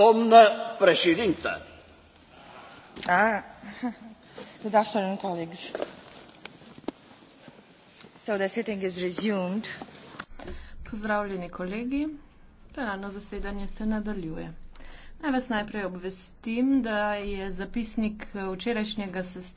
doamnă președintă. Ah. Good afternoon, colleagues. So the sitting is resumed. Pozdravljeni kolegi. Plenarno zasedanje se nadaljuje. Naj vas najprej obvestim, da je zapisnik eh, včerajšnjega sestanka